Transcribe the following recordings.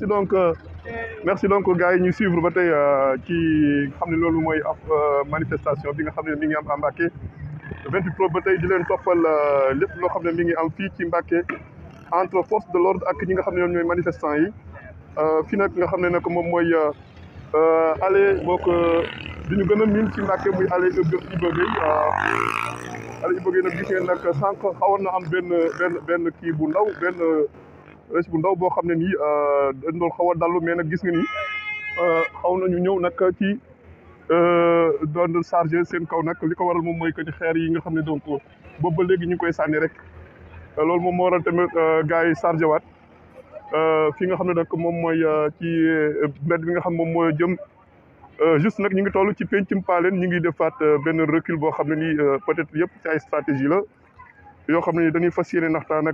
merci donc euh, merci donc gars yi ñu suivre ba tey euh, ci xam ne loolu mooy ab euh, manifestation bi nga xam ne mi ngi am à Mbacké vingt-huit Pro ba tey di leen toppal lépp loo xam ne mi ngi am fii ci Mbacké entre force de l'ordre ak ñi nga xam ne ñoom ñooy manifestant yi fii nag nga xam ne nag moom mooy allée boo ko di ñu gën a miin ci Mbacké muy allée Iba Gueye allée Iba nag gis ngeen nag sànq xawoon na am benn benn kii bu ndaw benn rëcc bu ndaw boo xam ne nii euh, dañ doon xaw a dallu mais nag gis nga ni euh, xaw nañu ñëw nag ci euh, doon chargé seen kaw nag li ko waral moom mooy que ni xeer yi nga xam ne donc boobu ba léegi ñu koy sànni rek loolu moom moo waral tamit gars yi chargé waat fi nga xam ne nag moom mooy ci mbedd bi nga xam moom mooy jëm juste nag ñu ngi toll ci pencum paaleen ñu ngi defaat benn recul boo xam ne nii peut-être yëpp ci ay stratégie la yoo xam ne ni dañuy fas yéene naxtaan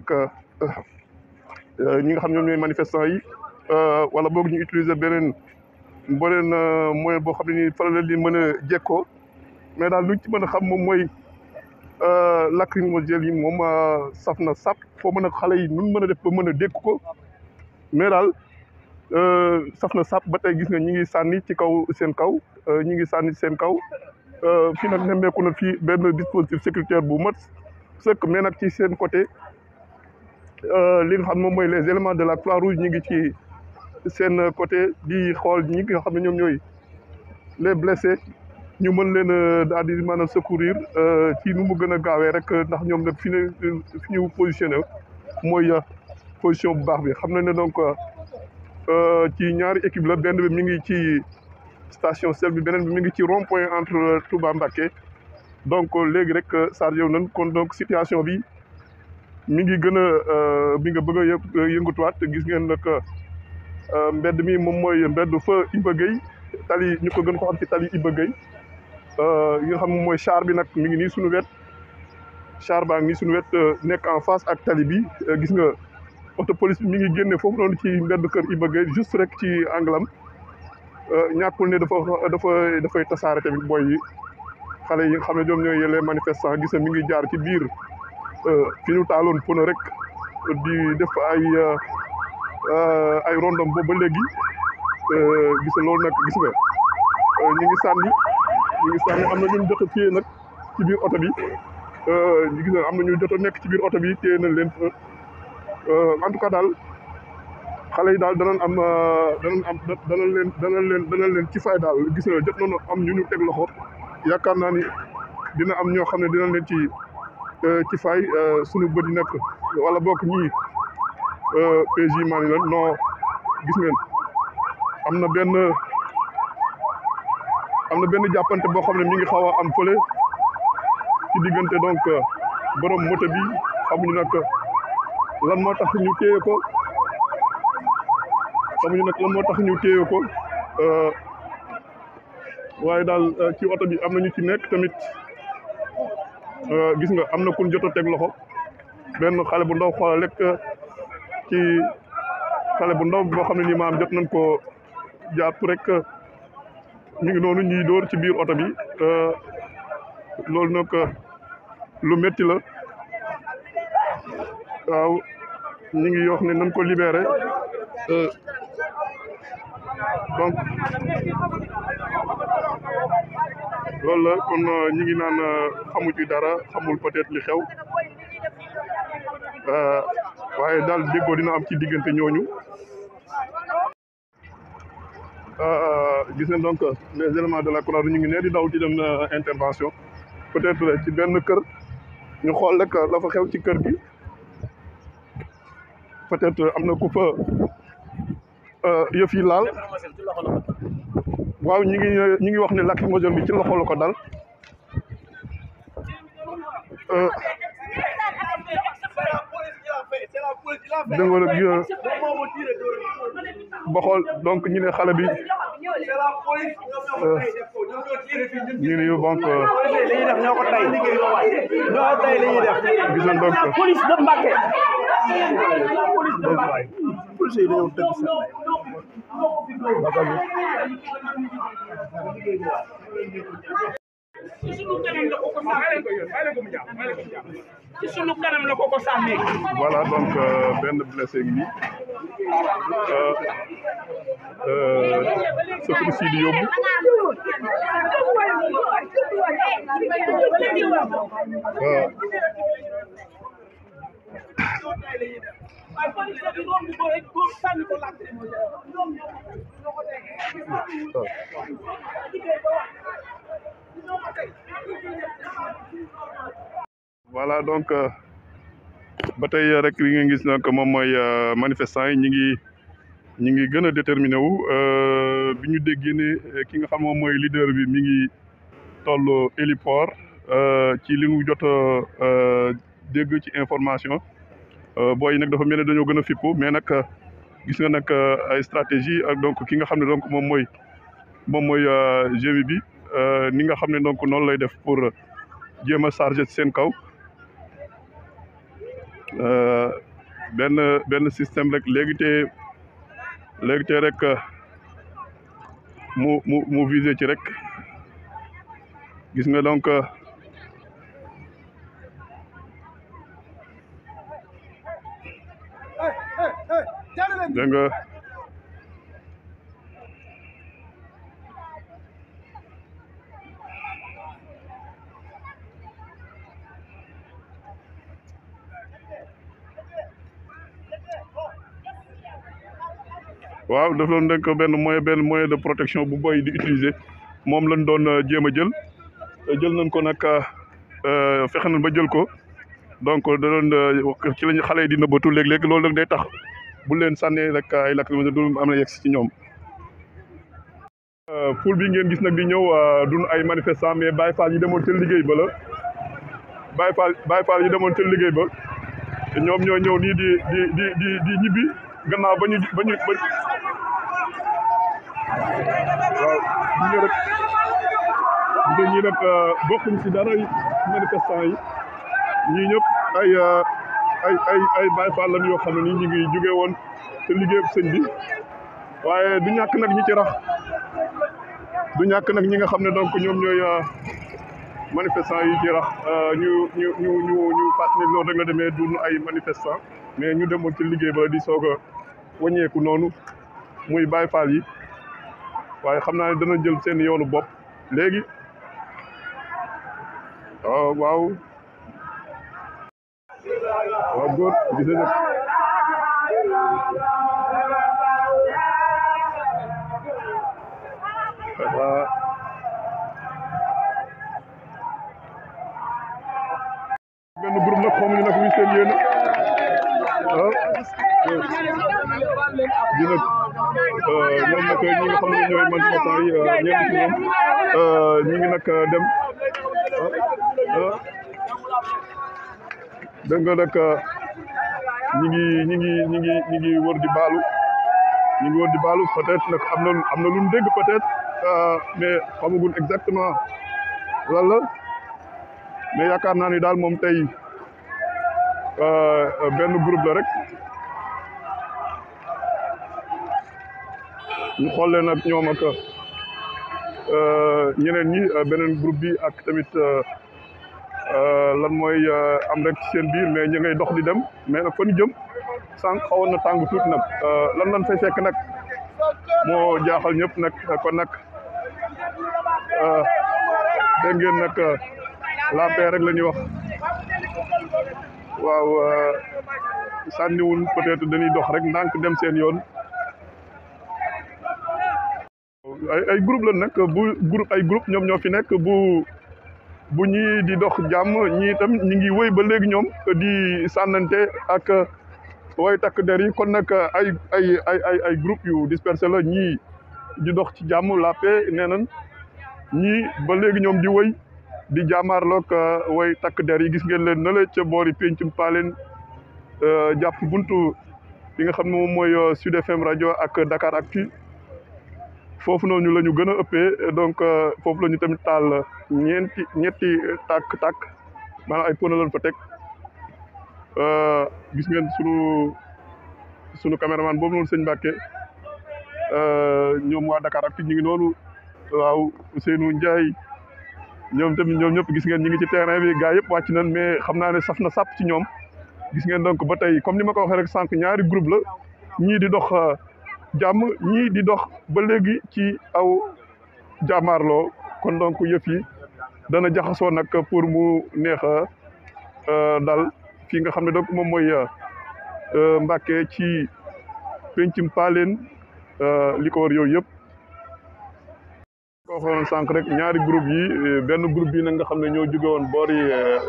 Euh, ñi nga xam ñoom ñooy manifestants yi euh, wala boog ñu utiliser beneen beneen euh, moyen boo xam ne nii faral di mën a jekkoo mais daal luñ ci mën a xam moom mooy lacrymogène yi moom saf na sap foo mën a xale yi nun mën a def ba mën a dékk ko mais daal saf na sap ba tey gis nga ñu ngi sànni ci kaw seen kaw ñu ngi sànni seen kaw fi nag nemmeeku na fii benn dispositif sécuritaire bu mat sëkk mais nag ci seen côté Euh, li nga xam moom mooy les éléments de la Croix-Rouge ñu ngi ci seen côté di xool ñi nga xam ne ñoom ñooy les blessés ñu mën leen euh, daal di maanaam secourir euh, ci nu mu gën a gaawee rek ndax ñoom nag fi ne fi ñu positionné mooy position bu baax bi xam na ne donc ci ñaari équipe la benn bi mi ngi ci station sel bi beneen bi mu ngi ci rond point entre Touba Mbacké donc léegi rek chargé nañ kon donc situation bi mi ngi gën a mi euh, nga bëgg a yëngutuwaat gis ngeen nag euh, mbedd mi moom mooy mbedd fa Iba Gueye tali ñu ko gën ko xam ci tali Iba Gueye euh, yi nga xam moom mooy char bi nag mi ngi nii suñu wet char baa ngi nii suñu wet nekk en face ak tali bi gis nga auto police bi mi ngi génne foofu noonu ci mbedd kër i Gueye juste rek ci anglam ñàkkul ne dafa dafa dafay tasaare tamit boy yi xale yi nga xam ne ñoom ñooy les manifestants gis nga mi ngi jaar ci biir Euh, fi ñu taaloon pono rek di def ay euh, ay rondam boobu ba léegi euh, gis loolu nag gis nga ñu ngi sànni ñu ngi sànni am na ñun jot a téye nag ci biir oto bi ñu am na ñu jot nekk ci biir oto bi téye leen en tout cas daal xale yi daal danañ am danañ am danañ leen danañ leen danañ leen ci fay daal gis nga jot nañu am ñu ñu teg loxo yaakaar naa ni dina am ñoo xam ne dina leen ci. Euh, ci fay euh, sunu bët yi nag wala bokk ñii euh, PJ Mane la gis ngeen am na benn am na benn jàppante boo xam ne mu ngi xaw a am fële ci diggante donc borom moto bi xamuñu nag lan moo tax ñu téye ko xamuñu nag lan moo tax ñu téye ko waaye daal ci oto bi am na ñu ci nekk tamit. Euh, gis nga am na kun jot a teg loxo benn xale bu ndaw xoolal rek euh, ci xale bu ndaw boo xam ne nii maam jot nañ koo jàpp rek euh, ñu ngi noonu ñuy dóor ci biir oto bi loolu nag lu metti la waaw ñu ngi wax ne nañ ko libéré donc loolu la kon euh, ñi ngi naan euh, xamu ci dara xamul peut li xew euh, waaye daal déggoo dina am ci diggante ñooñu gis nañ donc les éléments de la croix ñu ngi ne di daw di dem intervention peut-être ci benn kër ñu xool rek la xew ci kër gi peut-être am na ku fa yëf yi laal waaw ñu ngi ñu ngi wax ne lacrymogène bi ci loxo la ko dal euh, dëngal bi euh, ba xool donc ñu ne xale bi euh, ñu ne yow donc gis nañ donc police de Mbacké police de Mbacké ci voilà donc euh, benn blessé ngi nii si euh, euh, di yóbbu waaw waaye donc euh, ba tey rek li nga gis nag moom mooy euh, manifestant yi ñu ngi ñu ngi gën a déterminé wu euh, bi ñu déggee ni ki nga xam moom mooy leader bi mi ngi toll héliport ci li ñu jot a dégg ci information. Euh, booy yi nag dafa mel ne dañoo gën a fippu mais nag euh, gis nga nag euh, ay stratégie ak donc ki nga xam ne donc moom mooy moom mooy gémi bi ni nga xam ne donc noonu lay def pour jéem a chargé seen kaw benn benn système rek léegi te léegi rek mu mu mu ci rek gis nga donc dégg waaw daf doon denk benn moyen benn moyen de protection bu boy di utiliser moom lañ doon euh, jéem a jël jël nañ ko nag euh, fexe nañ ba jël ko donc da doon euh, ci lañu xale yi di nëbbatu léeg-léeg loolu nag day tax bu leen sànnee rek ay lacrymogène du am na yegg ci ñoom. foule euh, bi ngeen gis nag di ñëw euh, duñ ay manifestant mais Baye Fall yi demoon ca liggéey ba la Baye Fall Baye Fall yi demoon ca liggéey ba ñoom ñoo ñëw nii di di di di di ñibbi gannaaw ba ñu ba ñu ba waaw ñu rek ñu nag euh, bokkuñ ci dara manifestant yi ñii ñëpp ay. ay ay ay Baay Faal lañ yoo xam ne nii ñu ngi jóge woon te liggéeyub sëñ bi waaye du ñàkk nag ñi ci rax du ñàkk nag ñi nga xam ne donc ñoom ñooy euh, manifestant yi ci rax euh, ñu ñu ñu ñu ñu fàttali loolu rek la demee dund ay manifestant mais ñu demoon ci liggéey ba di soog a wàññeeku noonu muy Baay Faal yi waaye xam naa ne dana jël seen yoonu bopp léegi euh, waaw ak góor gis na lépp benn groupe nag xamuñu nag muy seen yéen ah dina euh, ñoom nag ñi nga man ci yi euh, ñenn ci ñoom euh, ñu ngi nag dem ah ah dégg nga nag ñi ngi ñi ngi ñi ngi ñi ngi wër di baalu ñi ngi wër di baalu peut-être nag am na am na lu mu dégg peut euh, mais xamaguñ exactement lan la mais yaakaar naa ni daal moom tey euh, euh, benn groupe la rek ñu xoolee nag ñoom ak ñeneen yi beneen groupe bi ak tamit lan mooy euh, am rek seen biir mais ñu dox di dem mais nag ñu jëm sànq xawoon na tàng tuuti nag euh, lan lan fay fekk nag moo jaaxal ñépp nag kon nag euh, dégg ngeen nag la paix rek la ñuy wax waaw sànniwul peut-être dañuy dox rek ndànk dem seen yoon ay ay groupe la nag bu groupe ay groupe ñoom ñoo fi nekk bu bu ñii di dox jàmm ñii itam ñi ngi wéy ba léegi ñoom di sànnante ak way takk der yi kon nag ay ay ay ay ay groupe yu dispersé la ñii di dox ci jàmm làppe paix nee nañ ñii ba léegi ñoom di wéy di jàmmaarloog way takk der yi gis ngeen leen na la ca boori péncum paaleen jàpp bunt li nga xam ne moom mooy Sud FM rajo ak Dakar ak Actu foofu noonu la ñu gën a ëppee donc euh, foofu la ñu tamit taal ñeenti ñetti tàkk-tàkk maanaam ay pono lañu fa teg euh, gis ngeen sunu sunu caméraman boobu noonu sëñ Mbàkke euh, ñoom waa Dakar ak ñu ngi noonu waaw Ousseynou Ndiaye ñoom tamit ñoom ñëpp gis ngeen ñu ngi ci terrain bi gars yëpp wàcc nañ mais xam naa ne saf na sàpp ci ñoom gis ngeen donc ba tey comme ni ma ko waxee rek sànq ñaari groupe la ñii di dox. jàmm ñii di dox ba léegi ci aw jàmmaarloo kon donc yëf yi dana jaxasoo nag pour mu neex a euh, dal fii nga xam ne donc moom mooy euh, Mbàkke ci pencum Paaleen euh, li ko war yooyu yëpp ko xoon sànq rek ñaari groupe yi benn groupe bi nag nga xam ne ñoo jóge woon boori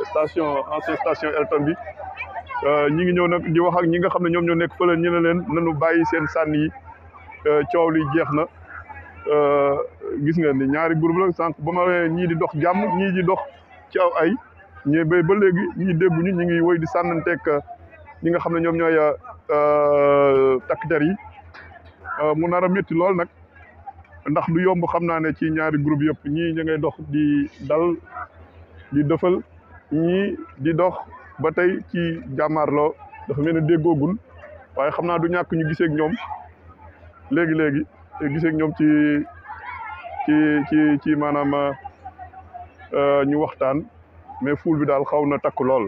station ancienne station Elton bi ñi ngi ñëw nag di wax ak ñi nga xam ne ñoom ñoo nekk fële ñu ne leen nanu bàyyi seen sànni yi Euh, coow li jeex na euh, gis nga ni ñaari groupe la sànq ba ma waxee ñii di dox jàmm ñii di dox ci aw ay ñi ba léegi ñi dégguñu ñu ngi woy di sànnanteeg euh, ñi nga xam ne ñoom ñooy takk der yi mu nar a métti lool nag ndax du yomb xam naa ne ci ñaari groupe yëpp ñii ñu dox di dal di dëfal ñii di dox ba tey ci jàmmaarloo dafa mel ne déggoogul waaye xam naa du ñàkk ñu gisee ñoom léegi léegi gisee ñoom ci ci ci ci maanaam euh, ñu waxtaan mais foule bi daal xaw na takk lool.